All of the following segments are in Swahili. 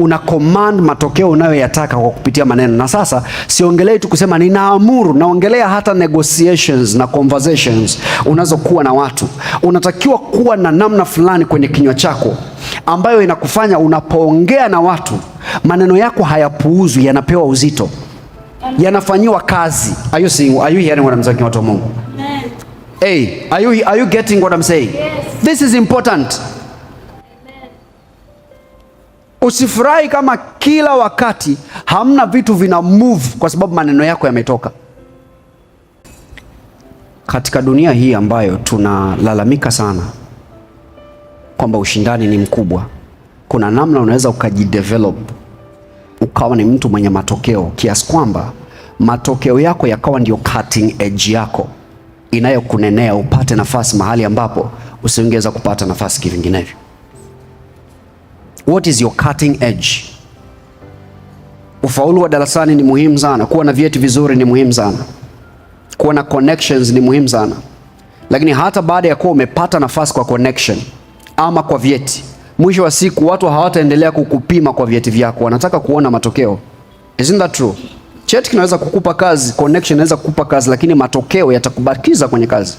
una command matokeo unayoyataka kwa kupitia maneno. Na sasa siongelei tu kusema ninaamuru, naongelea hata negotiations na conversations unazokuwa na watu. Unatakiwa kuwa na namna fulani kwenye kinywa chako ambayo inakufanya unapoongea na watu maneno yako hayapuuzwi, yanapewa uzito, yanafanyiwa kazi. Are you seeing, are you hearing what I'm saying, watu wa Mungu? Hey, are you, are you getting what I'm saying? Yes. This is important. Yes. Usifurahi kama kila wakati hamna vitu vina move kwa sababu maneno yako yametoka. Katika dunia hii ambayo tunalalamika sana kwamba ushindani ni mkubwa, kuna namna unaweza ukajidevelop ukawa ni mtu mwenye matokeo kiasi kwamba matokeo yako yakawa ndio cutting edge yako inayokunenea upate nafasi mahali ambapo usingeweza kupata nafasi kivinginevyo. What is your cutting edge? Ufaulu wa darasani ni muhimu sana, kuwa na vyeti vizuri ni muhimu sana, kuwa na connections ni muhimu sana, lakini hata baada ya kuwa umepata nafasi kwa connection ama kwa vyeti, mwisho wa siku watu hawataendelea kukupima kwa vyeti vyako, wanataka kuona matokeo. Isn't that true? Cheti kinaweza kukupa kazi, connection inaweza kukupa kazi, lakini matokeo yatakubakiza kwenye kazi.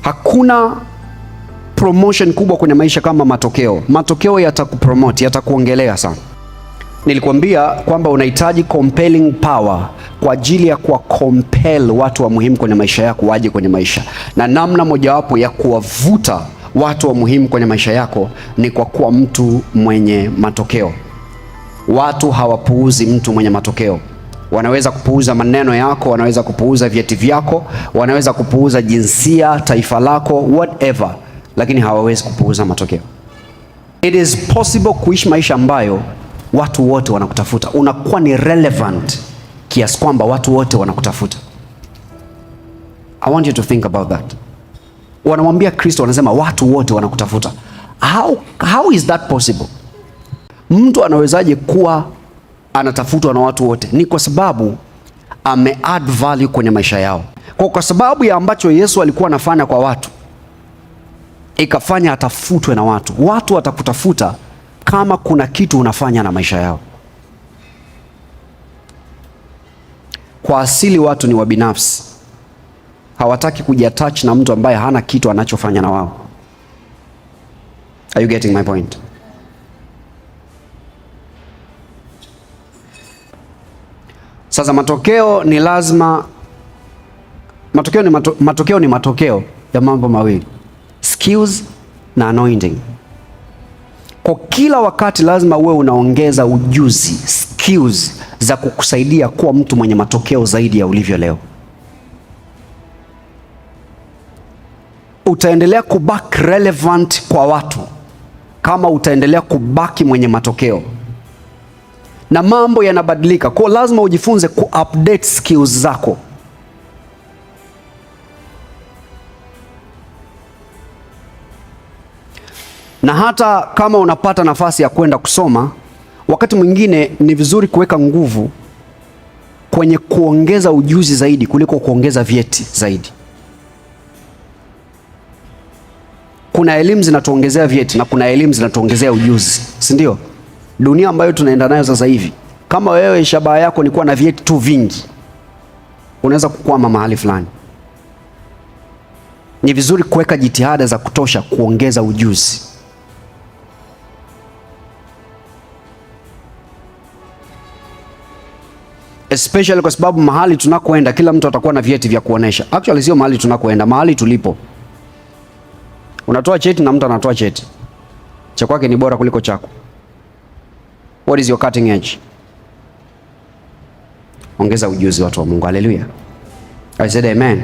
Hakuna promotion kubwa kwenye maisha kama matokeo. Matokeo yatakupromote, yatakuongelea sana. Nilikuambia kwamba unahitaji compelling power kwa ajili ya kuwa compel watu wa muhimu kwenye maisha yako waje kwenye maisha, na namna mojawapo ya kuwavuta watu wa muhimu kwenye maisha yako ni kwa kuwa mtu mwenye matokeo. Watu hawapuuzi mtu mwenye matokeo. Wanaweza kupuuza maneno yako, wanaweza kupuuza vyeti vyako, wanaweza kupuuza jinsia, taifa lako, whatever lakini hawawezi kupuuza matokeo. It is possible kuishi maisha ambayo watu wote wanakutafuta, unakuwa ni relevant kiasi kwamba watu wote wanakutafuta. I want you to think about that. Wanamwambia Kristo, wanasema watu wote wanakutafuta. How, how is that possible? Mtu anawezaje kuwa anatafutwa na watu wote? Ni kwa sababu ame add value kwenye maisha yao, kwa kwa sababu ya ambacho Yesu alikuwa anafanya kwa watu ikafanya atafutwe na watu. Watu watakutafuta kama kuna kitu unafanya na maisha yao. Kwa asili watu ni wabinafsi, hawataki kujiattach na mtu ambaye hana kitu anachofanya na wao. Are you getting my point? Sasa matokeo ni lazima, matokeo ni, mato, matokeo ni matokeo ya mambo mawili skills na anointing. Kwa kila wakati lazima uwe unaongeza ujuzi, skills za kukusaidia kuwa mtu mwenye matokeo zaidi ya ulivyo leo. Utaendelea kubaki relevant kwa watu kama utaendelea kubaki mwenye matokeo, na mambo yanabadilika, kwa lazima ujifunze update skills zako. Na hata kama unapata nafasi ya kwenda kusoma, wakati mwingine ni vizuri kuweka nguvu kwenye kuongeza ujuzi zaidi kuliko kuongeza vyeti zaidi. Kuna elimu zinatuongezea vyeti na kuna elimu zinatuongezea ujuzi, si ndio? Dunia ambayo tunaenda nayo sasa hivi, kama wewe shabaha yako ni kuwa na vyeti tu vingi, unaweza kukwama mahali fulani. Ni vizuri kuweka jitihada za kutosha kuongeza ujuzi. especially kwa sababu mahali tunakoenda kila mtu atakuwa na vyeti vya kuonesha. Actually sio mahali tunakoenda, mahali tulipo. Unatoa cheti na mtu anatoa cheti cha kwake ni bora kuliko chako. What is your cutting edge? Ongeza ujuzi, watu wa Mungu. Haleluya, I said amen.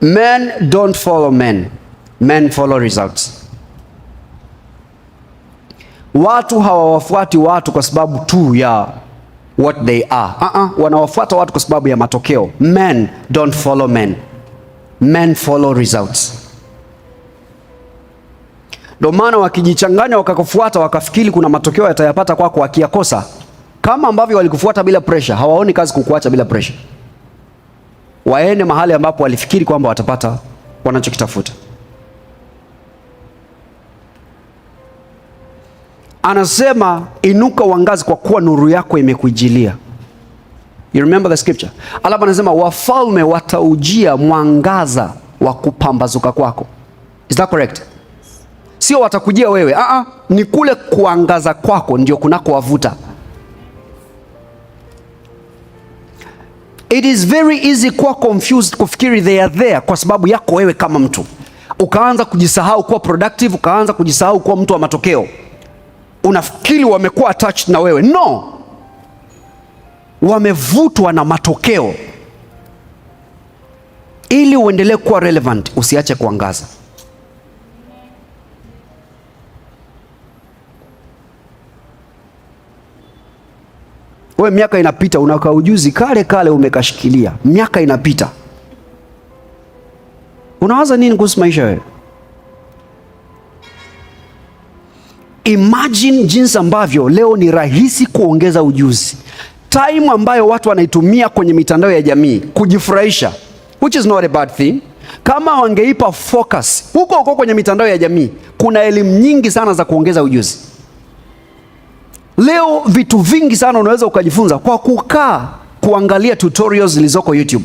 Men don't follow men, men follow results. Watu hawawafuati watu kwa sababu tu ya what they are. Uh -uh, wanawafuata watu kwa sababu ya matokeo. Men don't follow men. Men follow results. Ndio maana wakijichanganya wakakufuata wakafikiri kuna matokeo yatayapata kwako, wakiyakosa kama ambavyo walikufuata bila pressure, hawaoni kazi kukuacha bila pressure. Waende mahali ambapo walifikiri kwamba watapata wanachokitafuta. anasema inuka uangazi kwa kuwa nuru yako imekuijilia. You remember the scripture. Alafu anasema wafalme wataujia mwangaza wa kupambazuka kwako. Is that correct? Sio watakujia wewe. Aa, ah, ah. ni kule kuangaza kwako ndio kunakowavuta. It is very easy kuwa confused kufikiri they are there kwa sababu yako wewe kama mtu, ukaanza kujisahau kuwa productive, ukaanza kujisahau kuwa mtu wa matokeo unafikiri wamekuwa attached na wewe. No, wamevutwa na matokeo. Ili uendelee kuwa relevant, usiache kuangaza. Wewe miaka inapita, unaka ujuzi kale kale umekashikilia, miaka inapita, unawaza nini kuhusu maisha wewe? Imagine jinsi ambavyo leo ni rahisi kuongeza ujuzi. Time ambayo watu wanaitumia kwenye mitandao ya jamii kujifurahisha, which is not a bad thing. Kama wangeipa focus huko huko kwenye mitandao ya jamii, kuna elimu nyingi sana za kuongeza ujuzi. Leo vitu vingi sana unaweza ukajifunza kwa kukaa kuangalia tutorials zilizoko YouTube.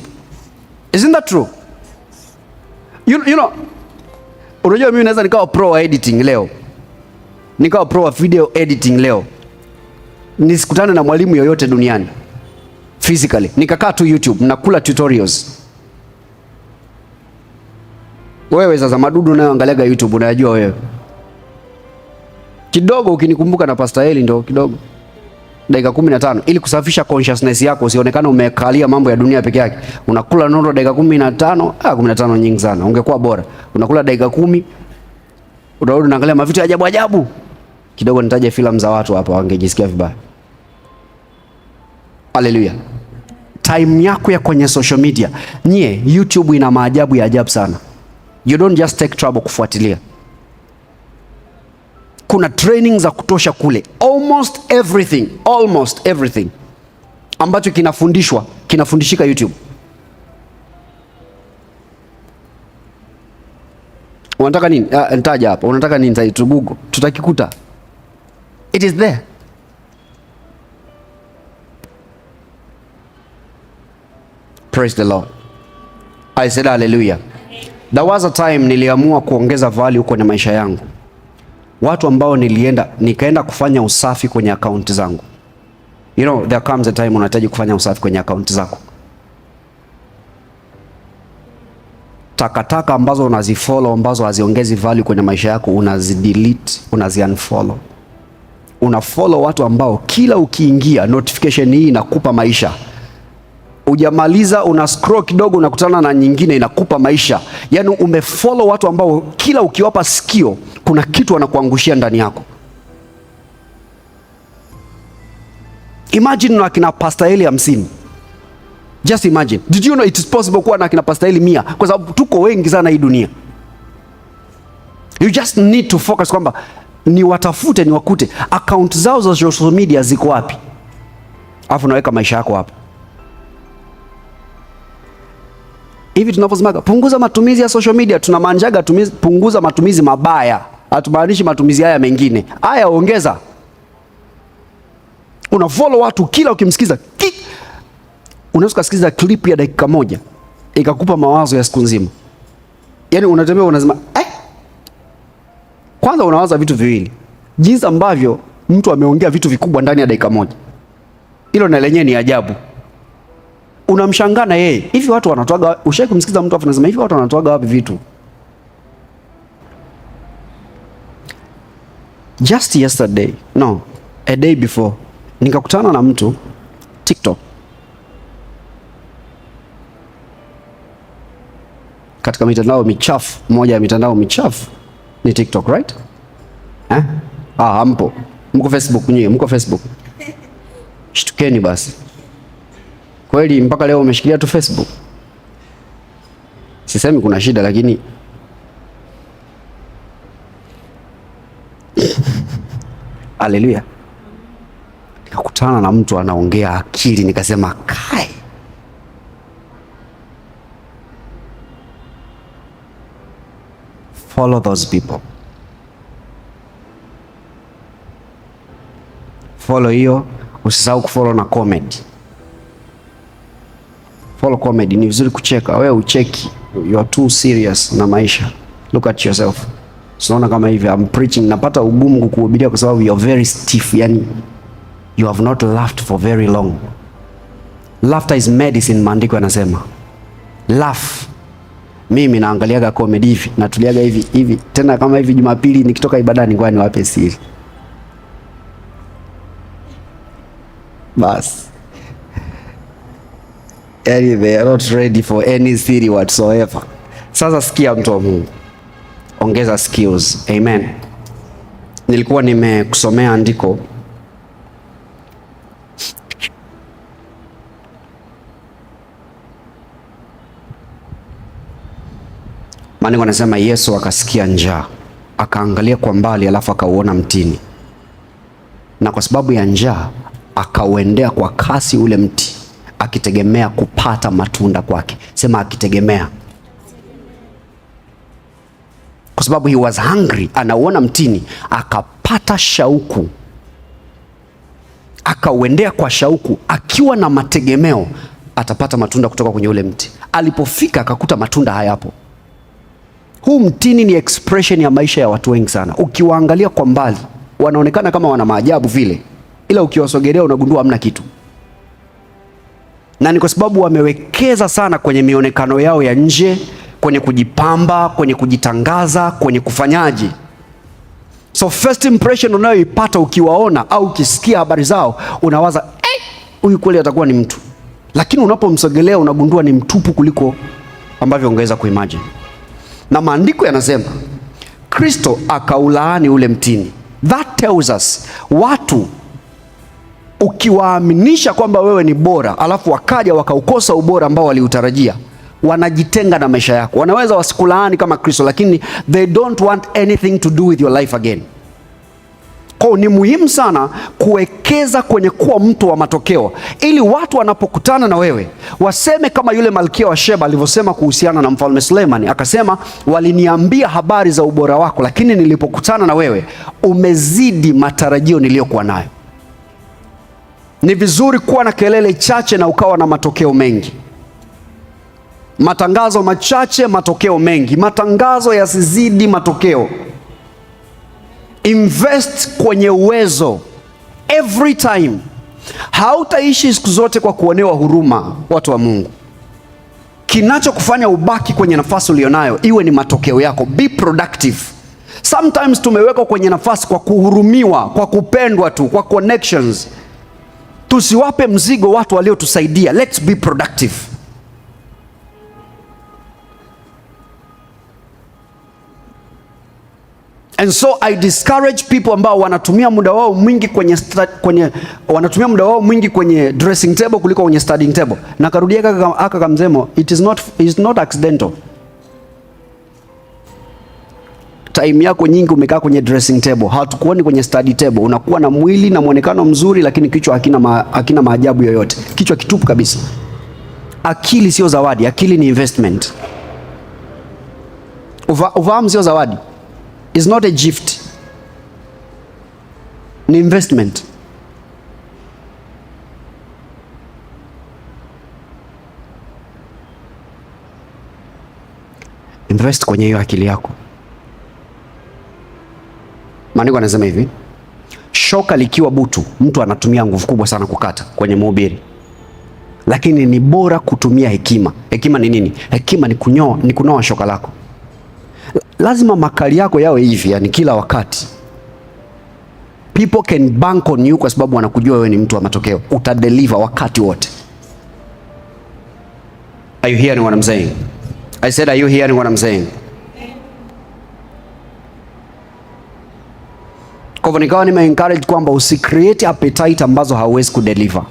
Isn't that true? You, you know, unajua mimi naweza nikawa pro editing leo nikawa pro wa video editing leo, nisikutane na mwalimu yoyote duniani physically, nikakaa tu YouTube nakula tutorials. Wewe sasa madudu unayoangaliaga YouTube unayajua wewe kidogo, ukinikumbuka na Pastor Eli ndo kidogo dakika kumi na tano ili kusafisha consciousness yako usionekane umekalia mambo ya dunia peke yake. Unakula nondo dakika kumi na tano ah, kumi na tano nyingi sana, ungekuwa bora unakula dakika kumi utarudi unaangalia mavitu ya ajabu ajabu. Kidogo nitaje filamu za watu hapa, wangejisikia vibaya. Haleluya! time yako ya kwenye social media, nyie, YouTube ina maajabu ya ajabu sana. You don't just take trouble kufuatilia kuna training za kutosha kule, almost everything, almost everything ambacho kinafundishwa kinafundishika YouTube. Unataka nini? Ah, nitaja hapa. Unataka nini zaidi? Tu Google. Tutakikuta. It is there. Praise the Lord. I said hallelujah. There was a time niliamua kuongeza value kwenye maisha yangu. Watu ambao nilienda nikaenda kufanya usafi kwenye akaunti zangu. You know, there comes a time unahitaji kufanya usafi kwenye akaunti zako. takataka ambazo unazifollow ambazo haziongezi value kwenye maisha yako unazidelete, unaziunfollow. Unafollow watu ambao kila ukiingia notification hii inakupa maisha, ujamaliza una scroll kidogo, unakutana na nyingine inakupa maisha. Yaani umefollow watu ambao kila ukiwapa sikio kuna kitu wanakuangushia ndani yako. Imagine na kina Pastor Eli hamsini Just imagine. Did you know it is possible kuwa na kina Pastor Eli mia kwa sababu tuko wengi sana hii dunia. You just need to focus kwamba ni watafute ni wakute account zao za social media ziko wapi, alafu naweka maisha yako hapo. Hivi tunavyosemaga punguza matumizi ya social media, tunamaanishaga punguza matumizi mabaya, hatumaanishi matumizi haya mengine. Haya ongeza, Unafollow watu kila ukimsikiza unaweza kusikiliza clip ya dakika moja ikakupa mawazo ya siku nzima. Yaani unatembea unasema eh? Kwanza unawaza vitu viwili, jinsi ambavyo mtu ameongea vitu vikubwa ndani ya dakika moja, hilo na lenyewe ni ajabu. Unamshangaa na yeye, hivi watu wanatoaga. Ushawahi kumsikiza mtu afu unasema hivi watu wanatoaga wapi vitu? Just yesterday no a day before, nikakutana na mtu TikTok katika mitandao michafu. Moja ya mitandao michafu ni TikTok, right? Eh? Ah, hampo. Mko Facebook nyie, mko Facebook. Shtukeni basi. Kweli mpaka leo umeshikilia tu Facebook? Sisemi kuna shida lakini Haleluya. Nikakutana na mtu anaongea akili, nikasema kai follow those people. Follow hiyo, usisahau kufollow na comedy. Follow comedy, ni vizuri kucheka. Wewe ucheki, you are too serious na maisha. Look at yourself. sinaona kama hivi, I'm preaching, napata ugumu kukuhubiria kwa sababu you are very stiff, yani you have not laughed for very long. Laughter is medicine, maandiko yanasema laugh mimi naangaliaga comedy hivi, natuliaga hivi hivi, tena kama hivi Jumapili nikitoka ibadani, kwani wape siri basi. Yani they are not ready for any theory whatsoever. Sasa sikia, mtu wa Mungu, ongeza skills. Amen. Nilikuwa nimekusomea andiko Maandiko anasema Yesu akasikia njaa, akaangalia kwa mbali, alafu akauona mtini, na kwa sababu ya njaa akauendea kwa kasi ule mti, akitegemea kupata matunda kwake. Sema akitegemea, kwa sababu he was hungry, anauona mtini, akapata shauku, akauendea kwa shauku, akiwa na mategemeo atapata matunda kutoka kwenye ule mti. Alipofika akakuta matunda hayapo. Huu mtini ni expression ya maisha ya watu wengi sana. Ukiwaangalia kwa mbali, wanaonekana kama wana maajabu vile, ila ukiwasogelea unagundua hamna kitu, na ni kwa sababu wamewekeza sana kwenye mionekano yao ya nje, kwenye kujipamba, kwenye kujitangaza, kwenye kufanyaji. So first impression unayoipata ukiwaona au ukisikia habari zao unawaza eh, huyu kweli atakuwa ni mtu, lakini unapomsogelea unagundua ni mtupu kuliko ambavyo ungeweza kuimagine na maandiko yanasema Kristo akaulaani ule mtini. That tells us watu ukiwaaminisha kwamba wewe ni bora, alafu wakaja wakaukosa ubora ambao waliutarajia, wanajitenga na maisha yako. Wanaweza wasikulaani kama Kristo, lakini they don't want anything to do with your life again. Kwao ni muhimu sana kuwekeza kwenye kuwa mtu wa matokeo, ili watu wanapokutana na wewe waseme kama yule malkia wa Sheba alivyosema kuhusiana na mfalme Suleimani, akasema, waliniambia habari za ubora wako, lakini nilipokutana na wewe umezidi matarajio niliyokuwa nayo. Ni vizuri kuwa na kelele chache na ukawa na matokeo mengi. Matangazo machache, matokeo mengi. Matangazo yasizidi matokeo. Invest kwenye uwezo every time. Hautaishi siku zote kwa kuonewa huruma, watu wa Mungu. Kinachokufanya ubaki kwenye nafasi ulionayo iwe ni matokeo yako. Be productive. Sometimes tumewekwa kwenye nafasi kwa kuhurumiwa, kwa kupendwa tu, kwa connections. Tusiwape mzigo watu waliotusaidia. Let's be productive. And so I discourage people ambao wanatumia muda wao mwingi kwenye, kwenye, wanatumia muda wao mwingi kwenye dressing table kuliko kwenye studying table. Na karudia kaka aka kamsemo, it is not, is not accidental. Time yako nyingi umekaa kwenye dressing table, hatukuoni kwenye study table. Unakuwa na mwili na mwonekano mzuri, lakini kichwa hakina, ma, hakina maajabu yoyote, kichwa kitupu kabisa. Akili sio zawadi, akili ni investment. Ufahamu sio zawadi is not a gift, ni investment. Invest kwenye hiyo akili yako. Maandiko anasema hivi, shoka likiwa butu, mtu anatumia nguvu kubwa sana kukata kwenye mhubiri, lakini ni bora kutumia hekima. Hekima ni nini? Hekima ni kunyoa, ni kunoa shoka lako lazima makali yako yawe hivi, yani kila wakati people can bank on you, kwa sababu wanakujua wewe ni mtu wa matokeo, utadeliver wakati wote. Are you hearing what I'm saying? I said, are you hearing what I'm saying? Kwa hivyo nikawa nime encourage kwamba usi create appetite ambazo hauwezi kudeliver.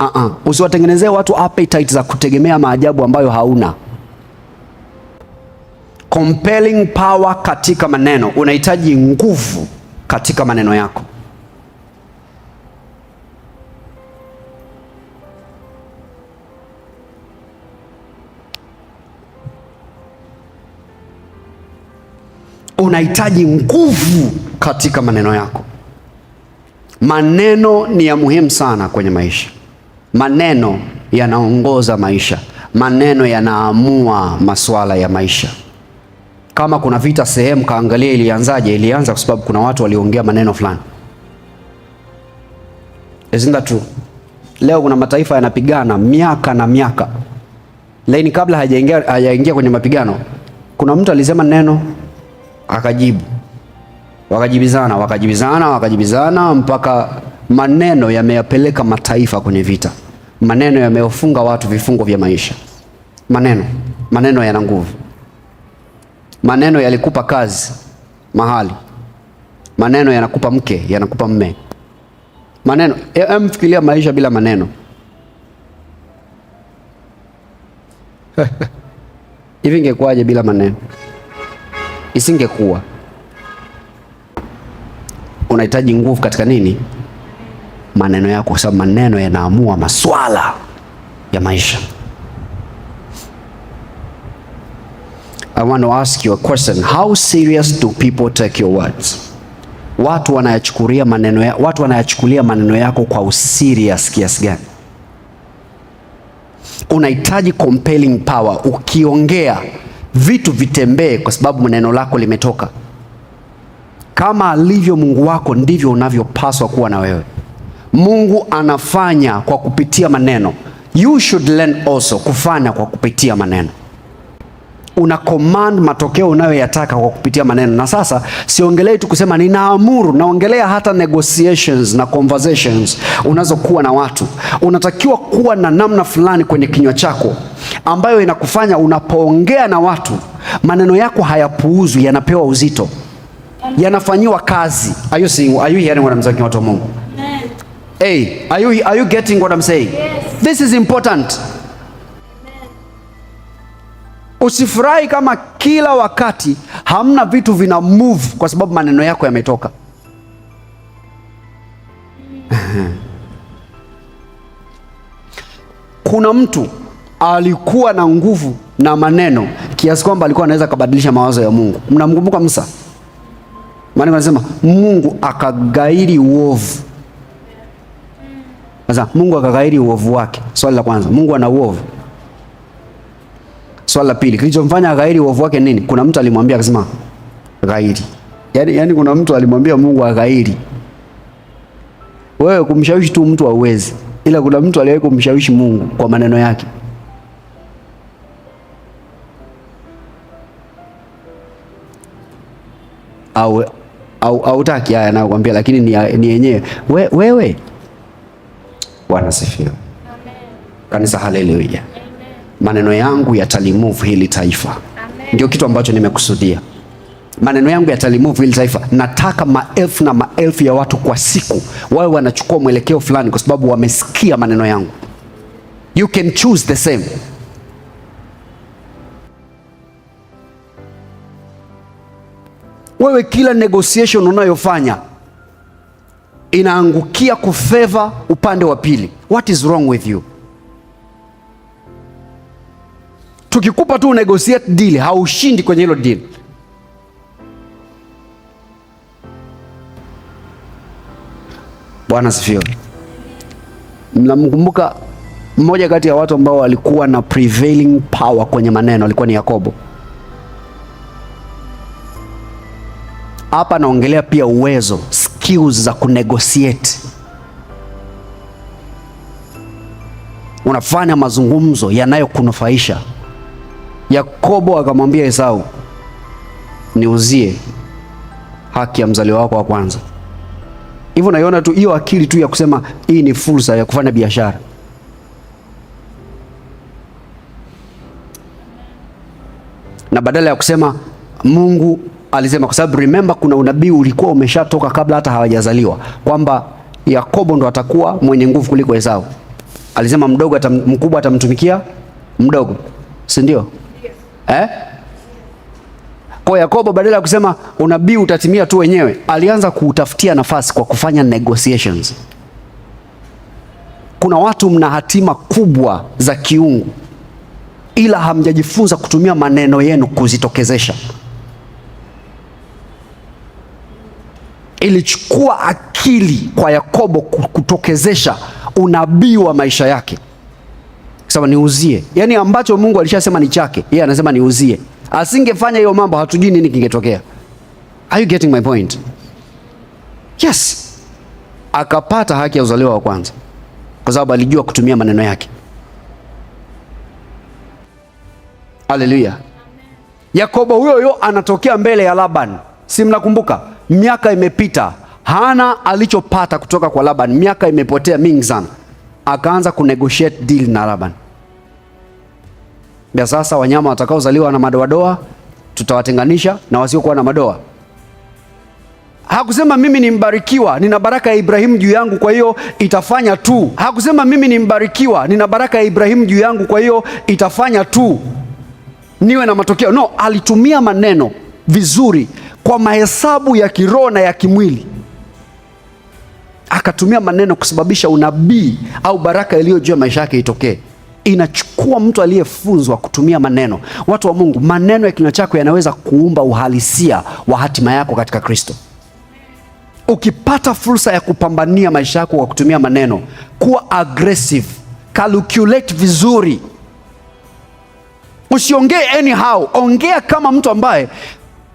Uh -uh. Usiwatengenezee watu appetite za kutegemea maajabu ambayo hauna compelling power katika maneno. Unahitaji nguvu katika maneno yako. Unahitaji nguvu katika maneno yako. Maneno ni ya muhimu sana kwenye maisha. Maneno yanaongoza maisha. Maneno yanaamua masuala ya maisha. Kama kuna vita sehemu, kaangalia ilianzaje. Ilianza kwa sababu kuna watu waliongea maneno fulani. Isn't that true? Leo kuna mataifa yanapigana miaka na miaka, lakini kabla hajaingia hajaingia kwenye mapigano, kuna mtu alisema neno akajibu, wakajibizana, wakajibizana, wakajibizana mpaka maneno yameyapeleka mataifa kwenye vita, maneno yameofunga watu vifungo vya maisha. Maneno maneno yana nguvu. Maneno yalikupa kazi mahali, maneno yanakupa mke, yanakupa mme. Maneno emfikiria maisha bila maneno hivi ingekuwaje bila maneno? Isingekuwa. Unahitaji nguvu katika nini? Maneno yako, kwa sababu maneno yanaamua maswala ya maisha. I want to ask you a question. How serious do people take your words? Watu wanayachukulia maneno ya, watu wanayachukulia maneno yako kwa userious kiasi gani? Unahitaji compelling power. Ukiongea vitu vitembee, kwa sababu neno lako limetoka. Kama alivyo Mungu wako, ndivyo unavyopaswa kuwa na wewe. Mungu anafanya kwa kupitia maneno, you should learn also kufanya kwa kupitia maneno una command matokeo unayoyataka kwa kupitia maneno. Na sasa siongelei tu kusema ninaamuru, naongelea hata negotiations na conversations unazokuwa na watu. Unatakiwa kuwa na namna fulani kwenye kinywa chako ambayo inakufanya unapoongea na watu, maneno yako hayapuuzwi, yanapewa uzito, yanafanyiwa kazi. Are you seeing, are you hearing what I'm saying, watu wa Mungu? Hey, are you, are you getting what I'm saying? Yes. This is important. Yes. Usifurahi kama kila wakati hamna vitu vina move kwa sababu maneno yako yametoka. Kuna mtu alikuwa na nguvu na maneno kiasi kwamba alikuwa anaweza kubadilisha mawazo ya Mungu. Mnamkumbuka Musa? Maana anasema Mungu akagairi uovu. Sasa Mungu akagairi uovu wake. Swali la kwanza, Mungu ana uovu? Swali la pili, kilichomfanya ghairi uovu wake nini? Kuna mtu alimwambia akasema ghairi. Yaani, yani kuna mtu alimwambia Mungu aghairi. Wewe kumshawishi tu mtu hauwezi, ila kuna mtu aliwahi kumshawishi Mungu kwa maneno yake. Au au taki haya nakwambia, lakini ni yenyewe wewe. Bwana asifiwe. Amen. Kanisa, haleluya maneno yangu yatalimove hili taifa. Ndio kitu ambacho nimekusudia, maneno yangu yatalimove hili taifa. Nataka maelfu na maelfu ya watu kwa siku wawe wanachukua mwelekeo fulani, kwa sababu wamesikia maneno yangu. You can choose the same. Wewe kila negotiation unayofanya inaangukia kufeva upande wa pili. What is wrong with you? tukikupa tu negotiate deal, haushindi kwenye hilo deal. Bwana sifiwe. Mnamkumbuka mmoja kati ya watu ambao walikuwa na prevailing power kwenye maneno alikuwa ni Yakobo. Hapa anaongelea pia uwezo, skills za kunegotiate. Unafanya mazungumzo yanayokunufaisha. Yakobo akamwambia Esau, niuzie haki ya mzaliwa wako wa kwanza. Hivyo naiona tu hiyo akili tu ya kusema hii ni fursa ya kufanya biashara. Na badala ya kusema Mungu alisema, kwa sababu remember, kuna unabii ulikuwa umeshatoka kabla hata hawajazaliwa kwamba Yakobo ndo atakuwa mwenye nguvu kuliko Esau. Alisema mdogo atam, mkubwa atamtumikia mdogo, si ndio? eh? Kwa Yakobo badala ya kusema unabii utatimia tu wenyewe, alianza kuutafutia nafasi kwa kufanya negotiations. Kuna watu mna hatima kubwa za kiungu, ila hamjajifunza kutumia maneno yenu kuzitokezesha. Ilichukua akili kwa Yakobo kutokezesha unabii wa maisha yake sawa, niuzie. Yani ambacho Mungu alishasema ni chake, yeye anasema niuzie. Asingefanya hiyo mambo, hatujui nini kingetokea. Are you getting my point? Yes, akapata haki ya uzaliwa wa kwanza kwa sababu alijua kutumia maneno yake. Haleluya! Yakobo huyo huyo anatokea mbele ya Laban, si mnakumbuka? Miaka imepita, hana alichopata kutoka kwa Laban, miaka imepotea mingi sana. Akaanza kunegotiate deal na Laban vya sasa, wanyama watakaozaliwa na madoadoa tutawatenganisha na wasiokuwa na madoa. Hakusema mimi ni mbarikiwa, nina baraka ya Ibrahimu juu yangu, kwa hiyo itafanya tu. Hakusema mimi ni mbarikiwa, nina baraka ya Ibrahimu juu yangu, kwa hiyo itafanya tu niwe na matokeo. No, alitumia maneno vizuri kwa mahesabu ya kiroho na ya kimwili, akatumia maneno kusababisha unabii au baraka iliyo juu ya maisha yake itokee inachukua mtu aliyefunzwa kutumia maneno. Watu wa Mungu, maneno ya kinywa chako yanaweza kuumba uhalisia wa hatima yako katika Kristo. Ukipata fursa ya kupambania maisha yako kwa kutumia maneno, kuwa aggressive, calculate vizuri, usiongee anyhow, ongea kama mtu ambaye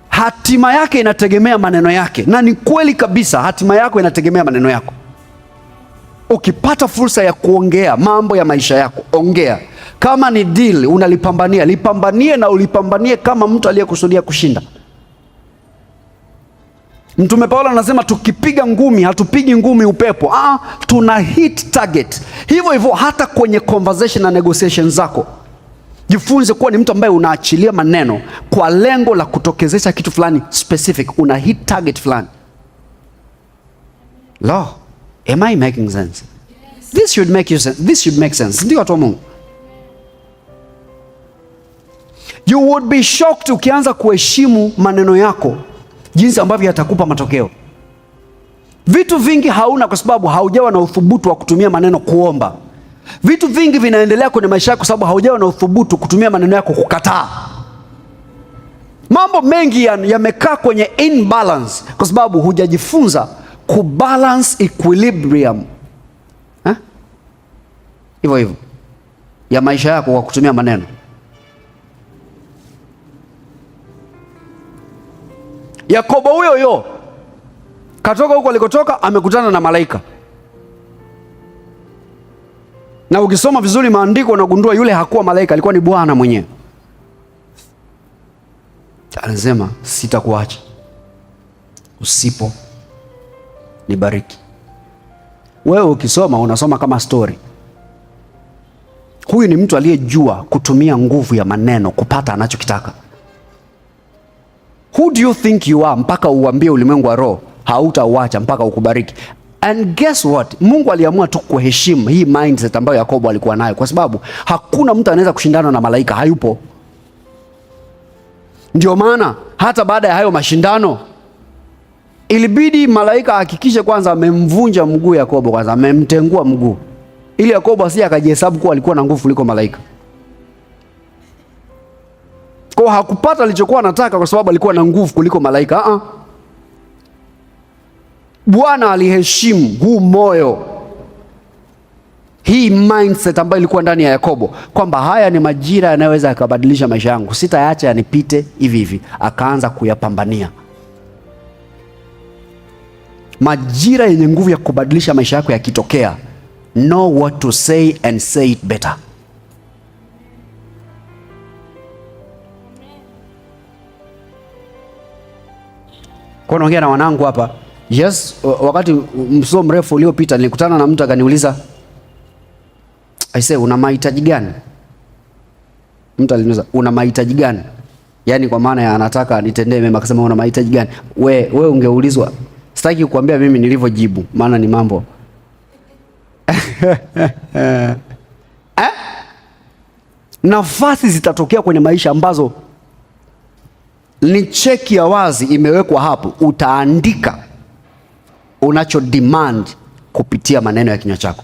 hatima yake inategemea maneno yake, na ni kweli kabisa, hatima yako inategemea maneno yako. Ukipata fursa ya kuongea mambo ya maisha yako, ongea. Kama ni deal unalipambania, lipambanie na ulipambanie kama mtu aliyekusudia kushinda. Mtume Paulo anasema tukipiga ngumi hatupigi ngumi upepo. Ah, tuna hit target. Hivyo hivyo hata kwenye conversation na negotiation zako, jifunze kuwa ni mtu ambaye unaachilia maneno kwa lengo la kutokezesha kitu fulani specific, una hit target fulani. Lo. Am I making sense? This should make you sense. This should make sense. Ndio watu wa Mungu. You would be shocked ukianza kuheshimu maneno yako jinsi ambavyo yatakupa matokeo. Vitu vingi hauna kwa sababu haujawa na uthubutu wa kutumia maneno kuomba. Vitu vingi vinaendelea kwenye maisha yako kwa sababu haujawa na uthubutu kutumia maneno yako kukataa. Mambo mengi yamekaa kwenye imbalance kwa sababu hujajifunza kubalance equilibrium hivyo hivyo ya maisha yako kwa kutumia maneno. Yakobo huyo huyo katoka huko alikotoka, amekutana na malaika, na ukisoma vizuri maandiko unagundua yule hakuwa malaika, alikuwa ni Bwana mwenyewe. Anasema sitakuacha usipo nibariki. Wewe ukisoma unasoma kama story. Huyu ni mtu aliyejua kutumia nguvu ya maneno kupata anachokitaka. Who do you think you are mpaka uambie ulimwengu wa roho hautauacha mpaka ukubariki. And guess what? Mungu aliamua tu kuheshimu hii mindset ambayo Yakobo alikuwa nayo, kwa sababu hakuna mtu anaweza kushindana na malaika, hayupo. Ndio maana hata baada ya hayo mashindano ilibidi malaika ahakikishe kwanza amemvunja mguu Yakobo, kwanza amemtengua mguu ili Yakobo asije akajihesabu kuwa alikuwa na nguvu kuliko malaika. Kwa hakupata alichokuwa anataka kwa sababu alikuwa na nguvu kuliko malaika. Ah, Bwana aliheshimu huu moyo, hii mindset ambayo ilikuwa ndani ya Yakobo kwamba haya ni majira yanayoweza yakabadilisha maisha yangu, sitayaacha yanipite hivi hivi. Akaanza kuyapambania Majira yenye nguvu ya kubadilisha maisha yako yakitokea, know what to say and say it better. Kwa naongea na wanangu hapa. Yes, wakati msio mrefu uliopita nilikutana na mtu akaniuliza, say una mahitaji gani? Mtu aliniuliza una mahitaji gani? Yaani kwa maana ya anataka nitendee mema, akasema una mahitaji gani? We, we ungeulizwa Sitaki kukuambia mimi nilivyojibu, maana ni mambo eh? Nafasi zitatokea kwenye maisha ambazo ni cheki ya wazi imewekwa hapo. Utaandika unacho demand kupitia maneno ya kinywa chako.